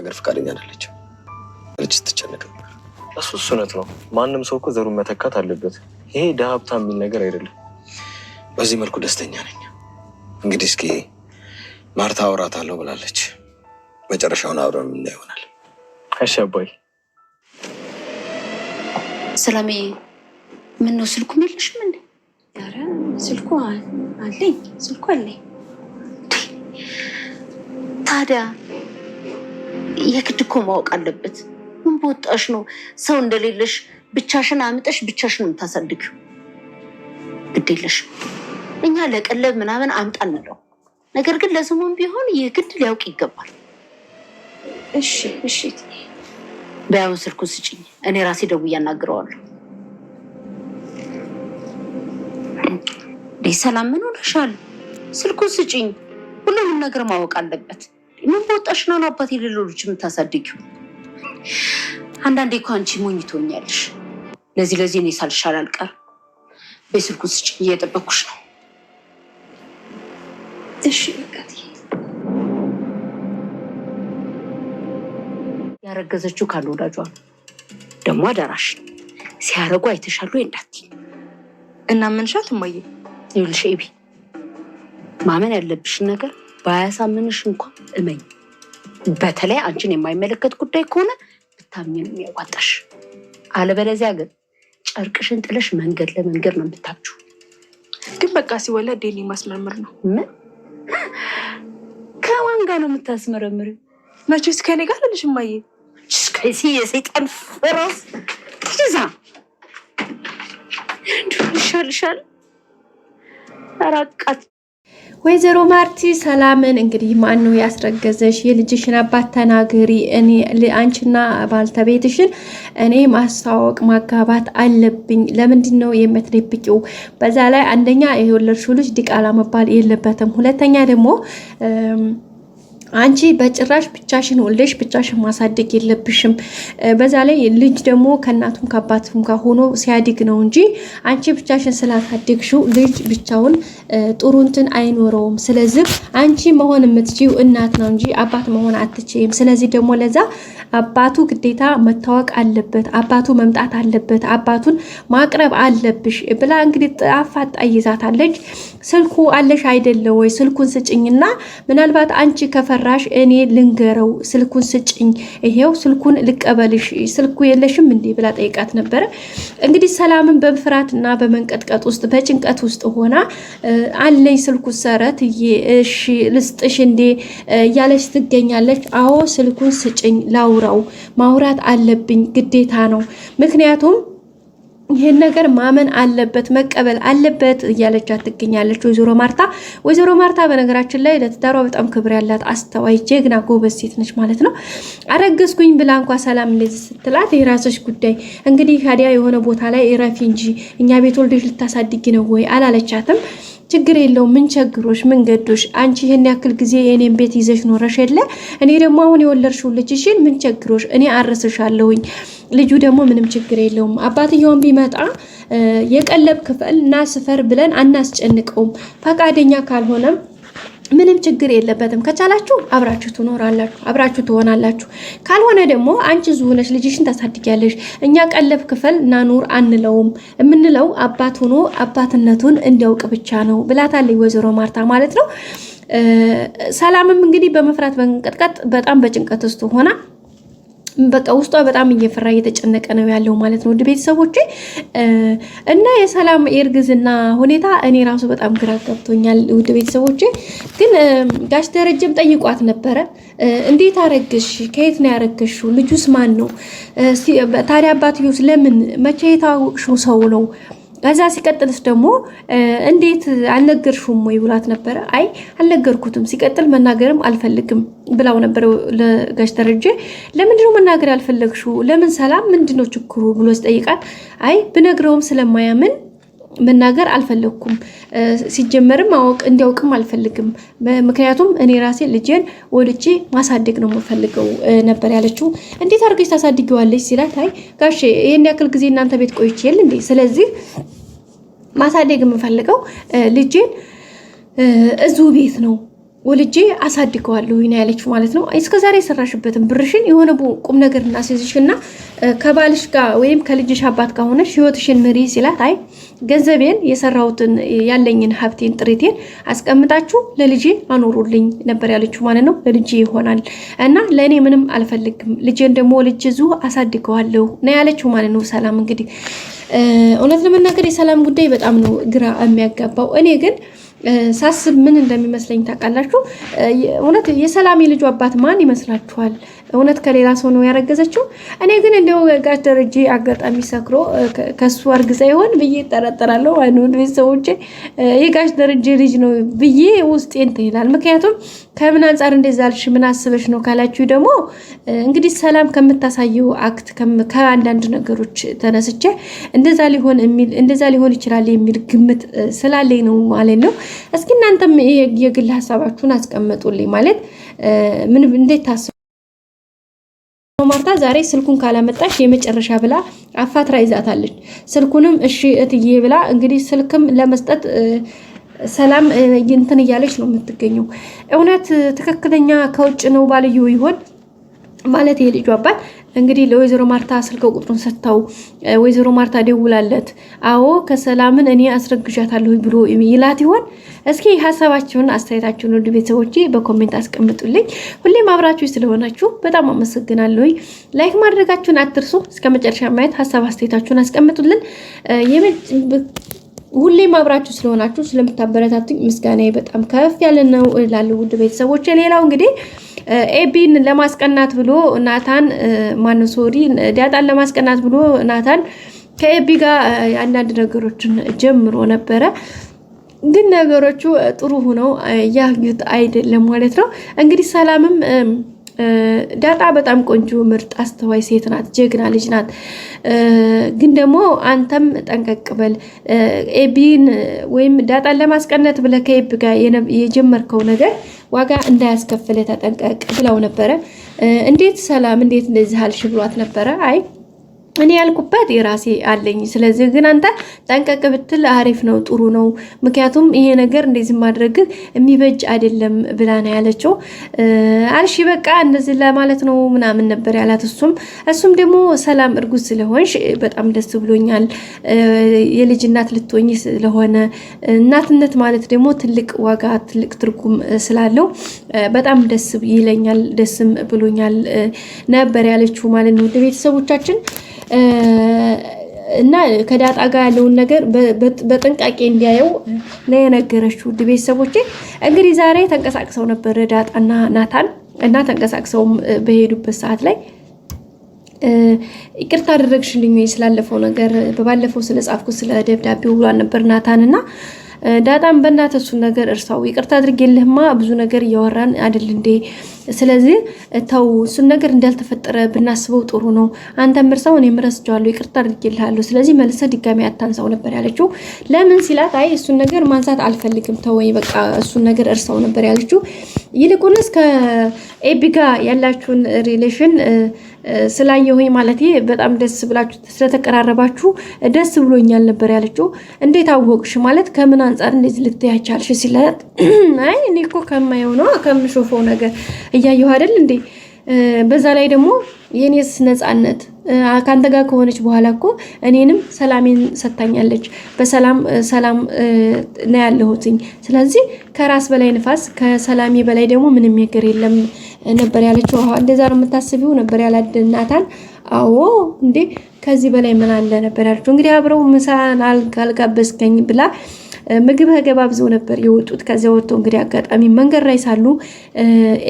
ለመናገር ፈቃደኛ አይደለችም። ልጅ ስትጨነቅ ነበር። እሱ እውነት ነው። ማንም ሰው እኮ ዘሩን መተካት አለበት። ይሄ ድሀ ሀብታም የሚል ነገር አይደለም። በዚህ መልኩ ደስተኛ ነኝ። እንግዲህ እስኪ ማርታ አለው ብላለች። መጨረሻውን አብረን የምናየው ይሆናል። እሺ አባይ። ሰላሜ፣ ነው ስልኩ መለሽ? ምን ኧረ ስልኩ አለኝ፣ ስልኩ አለኝ። ታዲያ የግድ እኮ ማወቅ አለበት። ምን በወጣሽ ነው ሰው እንደሌለሽ ብቻሽን አምጠሽ ብቻሽን የምታሳድጊው? ግድ የለሽ እኛ ለቀለብ ምናምን አምጣን ነው። ነገር ግን ለስሙም ቢሆን የግድ ሊያውቅ ይገባል። እሺ እሺ፣ በያውን ስልኩ ስጭኝ፣ እኔ ራሴ ደውዬ አናግረዋለሁ። ሰላም ምን ሆነሻል? ስልኩ ስጭኝ። ሁሉንም ነገር ማወቅ አለበት። ምን በወጣሽ ነው አባቴ ለሌሎች የምታሳድጊው? አንዳንዴ እኮ አንቺ ሞኝ ትሆኛለሽ። ለዚህ ለዚህ እኔ ሳልሻል አልቀርም። በስልኩን ስጭኝ፣ እየጠበኩሽ ነው። እሺ ያረገዘችው ካለ ወዳጇ ነው። ደግሞ አደራሽ ሲያረጉ አይተሻሉ እንዳት እና ምንሻት እማዬ ይልሽ ኤቢ ማመን ያለብሽን ነገር ባያሳምንሽ እንኳን እመኝ። በተለይ አንቺን የማይመለከት ጉዳይ ከሆነ ብታምኝን የሚያዋጣሽ፣ አለበለዚያ ግን ጨርቅሽን ጥለሽ መንገድ ለመንገድ ነው የምታችሁ። ግን በቃ ሲወላ ዴሊ ማስመርምር ነው። ምን ከማን ጋር ነው የምታስመረምሪው? መቼስ ከኔ ጋር ልሽ ማየ የሰይጣን ፍራስ ዛ ይሻልሻል ራቃት ወይዘሮ ማርቲ ሰላምን እንግዲህ ነው ያስረገዘሽ? የልጅሽን አባት ተናገሪ። እኔ አንቺና ባልተቤትሽን እኔ ማስተዋወቅ ማጋባት አለብኝ። ለምንድን ነው የምትደብቂው? በዛ ላይ አንደኛ የወለድሽው ልጅ ዲቃላ መባል የለበትም። ሁለተኛ ደግሞ አንቺ በጭራሽ ብቻሽን ወልደሽ ብቻሽን ማሳደግ የለብሽም። በዛ ላይ ልጅ ደግሞ ከእናቱም ከአባቱም ጋር ሆኖ ሲያድግ ነው እንጂ አንቺ ብቻሽን ስላሳደግሽው ልጅ ብቻውን ጥሩ እንትን አይኖረውም። ስለዚህ አንቺ መሆን የምትችይው እናት ነው እንጂ አባት መሆን አትችይም። ስለዚህ ደግሞ ለዛ አባቱ ግዴታ መታወቅ አለበት፣ አባቱ መምጣት አለበት፣ አባቱን ማቅረብ አለብሽ ብላ እንግዲህ አፋጣ ይዛታለች። ስልኩ አለሽ አይደለ ወይ? ስልኩን ስጭኝና ምናልባት አንቺ ከፈ ጭራሽ እኔ ልንገረው ስልኩን ስጭኝ፣ ይሄው ስልኩን ልቀበልሽ፣ ስልኩ የለሽም እንዴ ብላ ጠይቃት ነበረ። እንግዲህ ሰላምን እና በመንቀጥቀጥ ውስጥ በጭንቀት ውስጥ ሆና አለኝ ስልኩ ሰረት እሺ ልስጥሽ እንዴ እያለች ትገኛለች። አዎ ስልኩን ስጭኝ፣ ላውራው፣ ማውራት አለብኝ ግዴታ ነው ምክንያቱም ይህን ነገር ማመን አለበት መቀበል አለበት እያለቻት ትገኛለች ወይዘሮ ማርታ። ወይዘሮ ማርታ በነገራችን ላይ ለትዳሯ በጣም ክብር ያላት አስተዋይ፣ ጀግና፣ ጎበዝ ሴት ነች ማለት ነው። አረገዝኩኝ ብላ እንኳ ሰላም እንደዚህ ስትላት የራስሽ ጉዳይ እንግዲህ ታዲያ የሆነ ቦታ ላይ ረፊ እንጂ እኛ ቤት ወልደሽ ልታሳድጊ ነው ወይ አላለቻትም። ችግር የለውም። ምን ቸግሮሽ? ምን ገዶሽ? አንቺ ይህን ያክል ጊዜ የእኔን ቤት ይዘሽ ኖረሽ የለ እኔ ደግሞ አሁን የወለድሽው ልጅሽን ምን ቸግሮሽ? እኔ አረስሻለሁኝ። ልጁ ደግሞ ምንም ችግር የለውም። አባትየውን ቢመጣ የቀለብ ክፍል እና ስፈር ብለን አናስጨንቀውም። ፈቃደኛ ካልሆነም ምንም ችግር የለበትም። ከቻላችሁ አብራችሁ ትኖራላችሁ፣ አብራችሁ ትሆናላችሁ። ካልሆነ ደግሞ አንቺ እዚሁ ልጅሽን ታሳድጊያለሽ። እኛ ቀለብ ክፈል ናኑር አንለውም። የምንለው አባት ሆኖ አባትነቱን እንዲያውቅ ብቻ ነው ብላታለች ወይዘሮ ማርታ ማለት ነው። ሰላምም እንግዲህ በመፍራት በመንቀጥቀጥ በጣም በጭንቀት ውስጥ ሆና በቃ ውስጧ በጣም እየፈራ እየተጨነቀ ነው ያለው ማለት ነው። ውድ ቤተሰቦቼ እና የሰላም የእርግዝና ሁኔታ እኔ ራሱ በጣም ግራ ገብቶኛል። ውድ ቤተሰቦቼ ግን ጋሽ ደረጀም ጠይቋት ነበረ። እንዴት አረግሽ? ከየት ነው ያረግሽው? ልጁስ ማን ነው ታዲያ? አባትዮስ ለምን መቼ የታወቅሽው ሰው ነው ከዛ ሲቀጥልስ ደግሞ እንዴት አልነገርሽውም ወይ ብሏት ነበረ። አይ አልነገርኩትም፣ ሲቀጥል መናገርም አልፈልግም ብላው ነበረ ለጋሽ ደረጀ። ለምንድነው መናገር ያልፈለግሽው? ለምን ሰላም ምንድነው ችግሩ ብሎ ሲጠይቃት አይ ብነግረውም ስለማያምን መናገር አልፈለግኩም። ሲጀመርም ማወቅ እንዲያውቅም አልፈልግም። ምክንያቱም እኔ ራሴ ልጄን ወልጄ ማሳደግ ነው የምፈልገው ነበር ያለችው። እንዴት አድርገች ታሳድጊዋለች ሲላት፣ አይ ጋሼ ይህን ያክል ጊዜ እናንተ ቤት ቆይቼ የለ እንዴ? ስለዚህ ማሳደግ የምፈልገው ልጄን እዙ ቤት ነው ወልጄ አሳድገዋለሁ ነው ያለች ማለት ነው። እስከዛሬ የሰራሽበትን ብርሽን የሆነ ቁም ነገር እናስይዝሽና ከባልሽ ጋር ወይም ከልጅሽ አባት ጋር ሆነሽ ህይወትሽን ምሪ ሲላት፣ አይ ገንዘቤን የሰራሁትን ያለኝን ሀብቴን ጥሪቴን አስቀምጣችሁ ለልጄ አኖሩልኝ ነበር ያለችው ማለት ነው። ለልጄ ይሆናል እና ለእኔ ምንም አልፈልግም፣ ልጄን ደግሞ ልጅ ዙ አሳድገዋለሁ ነው ያለችው ማለት ነው። ሰላም እንግዲህ እውነት ለመናገር የሰላም ጉዳይ በጣም ነው ግራ የሚያጋባው እኔ ግን ሳስብ ምን እንደሚመስለኝ ታውቃላችሁ? እውነት የሰላም ልጁ አባት ማን ይመስላችኋል? እውነት ከሌላ ሰው ነው ያረገዘችው? እኔ ግን እንደው ጋሽ ደረጀ አጋጣሚ ሰክሮ ከሱ አርግዛ ይሆን ብዬ እጠራጠራለሁ። አይኑን ቤተሰቦቼ የጋሽ ደረጀ ልጅ ነው ብዬ ውስጤ እንትን ይላል። ምክንያቱም ከምን አንጻር እንደዛ አልሽ፣ ምን አስበሽ ነው ካላችሁ ደግሞ እንግዲህ ሰላም ከምታሳየው አክት ከአንዳንድ ነገሮች ተነስቼ እንደዛ ሊሆን የሚል እንደዛ ሊሆን ይችላል የሚል ግምት ስላለኝ ነው ማለት ነው። እስኪ እናንተም የግል ሀሳባችሁን አስቀምጡልኝ ማለት ምን እንዴት ታስቡ ማርታ ዛሬ ስልኩን ካላመጣሽ የመጨረሻ ብላ አፋትራ ይዛታለች። ስልኩንም እሺ እትዬ ብላ እንግዲህ ስልክም ለመስጠት ሰላም እንትን እያለች ነው የምትገኘው። እውነት ትክክለኛ ከውጭ ነው ባልየው ይሆን ማለት የልጁ አባት እንግዲህ ለወይዘሮ ማርታ ስልክ ቁጥሩን ሰጥተው ወይዘሮ ማርታ ደውላለት፣ አዎ ከሰላምን እኔ አስረግዣታለሁ ብሎ ይላት ይሆን? እስኪ ሀሳባችሁን፣ አስተያየታችሁን ውድ ቤተሰቦቼ በኮሜንት አስቀምጡልኝ። ሁሌም አብራችሁ ስለሆናችሁ በጣም አመሰግናለሁ። ላይክ ማድረጋችሁን አትርሱ። እስከ መጨረሻ ማየት ሀሳብ አስተያየታችሁን አስቀምጡልን። ሁሌም አብራችሁ ስለሆናችሁ ስለምታበረታቱኝ ምስጋናዬ በጣም ከፍ ያለ ነው እላለሁ ውድ ቤተሰቦቼ። ሌላው እንግዲህ ኤቢን ለማስቀናት ብሎ ናታን ማን ሶሪ ዳጣን ለማስቀናት ብሎ ናታን ከኤቢ ጋር አንዳንድ ነገሮችን ጀምሮ ነበረ። ግን ነገሮቹ ጥሩ ሆነው ያዩት አይደለም ማለት ነው። እንግዲህ ሰላምም ዳጣ በጣም ቆንጆ ምርጥ አስተዋይ ሴት ናት። ጀግና ልጅ ናት። ግን ደግሞ አንተም ጠንቀቅ በል። ኤቢን ወይም ዳጣን ለማስቀነት ብለህ ከኤብ ጋር የጀመርከው ነገር ዋጋ እንዳያስከፍለ ተጠንቀቅ ብለው ነበረ። እንዴት ሰላም እንዴት እንደዚህ አልሽ ብሏት ነበረ አይ እኔ ያልኩበት የራሴ አለኝ። ስለዚህ ግን አንተ ጠንቀቅ ብትል አሪፍ ነው፣ ጥሩ ነው። ምክንያቱም ይሄ ነገር እንደዚህ ማድረግ የሚበጅ አይደለም ብላ ነው ያለችው። አልሺ በቃ እንደዚህ ለማለት ነው ምናምን ነበር ያላት። እሱም እሱም ደግሞ ሰላም እርጉዝ ስለሆንሽ በጣም ደስ ብሎኛል። የልጅ እናት ልትሆኝ ስለሆነ እናትነት ማለት ደግሞ ትልቅ ዋጋ፣ ትልቅ ትርጉም ስላለው በጣም ደስ ይለኛል፣ ደስም ብሎኛል ነበር ያለችው ማለት ነው ቤተሰቦቻችን እና ከዳጣ ጋር ያለውን ነገር በጥንቃቄ እንዲያየው ነው የነገረችው። ውድ ቤተሰቦቼ እንግዲህ ዛሬ ተንቀሳቅሰው ነበር ዳጣና ናታን እና ተንቀሳቅሰውም በሄዱበት ሰዓት ላይ ይቅርታ አደረግሽልኝ ስላለፈው ነገር በባለፈው ስለ ጻፍኩት ስለ ደብዳቤው ብሏል ነበር ናታን እና ዳጣም በእናተሱ ነገር እርሳው፣ ይቅርታ አድርጌልህማ ብዙ ነገር እያወራን አይደል እንዴ ስለዚህ ተው እሱን ነገር እንዳልተፈጠረ ብናስበው ጥሩ ነው። አንተም እርሳው እኔም ረስቼዋለሁ፣ ይቅርታ አድርጌልሃለሁ። ስለዚህ መልሰ ድጋሚ አታንሳው ነበር ያለችው። ለምን ሲላት አይ እሱን ነገር ማንሳት አልፈልግም፣ ተወኝ በቃ እሱን ነገር እርሳው ነበር ያለችው። ይልቁንስ ከኤቢ ጋር ያላችሁን ሪሌሽን ስላየሁኝ ማለት በጣም ደስ ብላችሁ ስለተቀራረባችሁ ደስ ብሎኛል ነበር ያለችው። እንዴት አወቅሽ ማለት ከምን አንጻር እንደዚህ ልትያቻልሽ ሲላት አይ እኔ እኮ ከማየው ነው ከምሾፈው ነገር እያየሁ አይደል እንዴ? በዛ ላይ ደግሞ የኔስ ነፃነት ከአንተ ጋር ከሆነች በኋላ እኮ እኔንም ሰላሜን ሰጥታኛለች። በሰላም ሰላም ነው ያለሁትኝ። ስለዚህ ከራስ በላይ ንፋስ፣ ከሰላሜ በላይ ደግሞ ምንም ነገር የለም ነበር ያለችው። እንደዛ ነው የምታስቢው ነበር ያላድናታል። አዎ እንዴ ከዚህ በላይ ምን አለ ነበር ያለችው። እንግዲህ አብረው ምሳን ካልጋበዝከኝ ብላ ምግብ ተገባብዘው ነበር የወጡት። ከዚያ ወጥቶ እንግዲህ አጋጣሚ መንገድ ላይ ሳሉ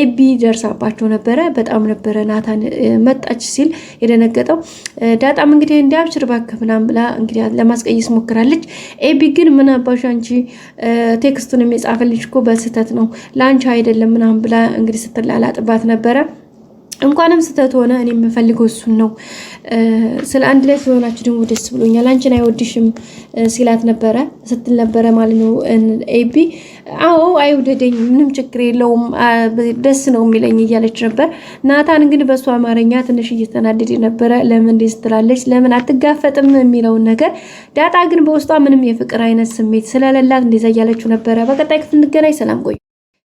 ኤቢ ደርሳባቸው ነበረ። በጣም ነበረ ናታን መጣች ሲል የደነገጠው። ዳጣም እንግዲህ እንዲያብሽር እባክህ ምናምን ብላ እንግዲህ ለማስቀየስ ሞክራለች። ኤቢ ግን ምን አባሽ አንቺ ቴክስቱን የሚጻፈልሽ እኮ በስህተት ነው ለአንቺ አይደለም ምናምን ብላ እንግዲህ ስትላላጥባት ነበረ። እንኳንም ስህተት ሆነ። እኔ የምፈልገው እሱን ነው። ስለ አንድ ላይ ስለሆናችሁ ደግሞ ደስ ብሎኛል። አንቺን አይወድሽም ሲላት ነበረ ስትል ነበረ ማለት ነው ኤቢ። አዎ አይውደደኝ፣ ምንም ችግር የለውም፣ ደስ ነው የሚለኝ እያለች ነበር። ናታን ግን በእሱ አማርኛ ትንሽ እየተናደደ ነበረ። ለምን እንዴት ስትላለች፣ ለምን አትጋፈጥም የሚለውን ነገር። ዳጣ ግን በውስጧ ምንም የፍቅር አይነት ስሜት ስለሌላት እንደዛ እያለችው ነበረ። በቀጣይ ክፍል እንገናኝ። ሰላም ቆዩ።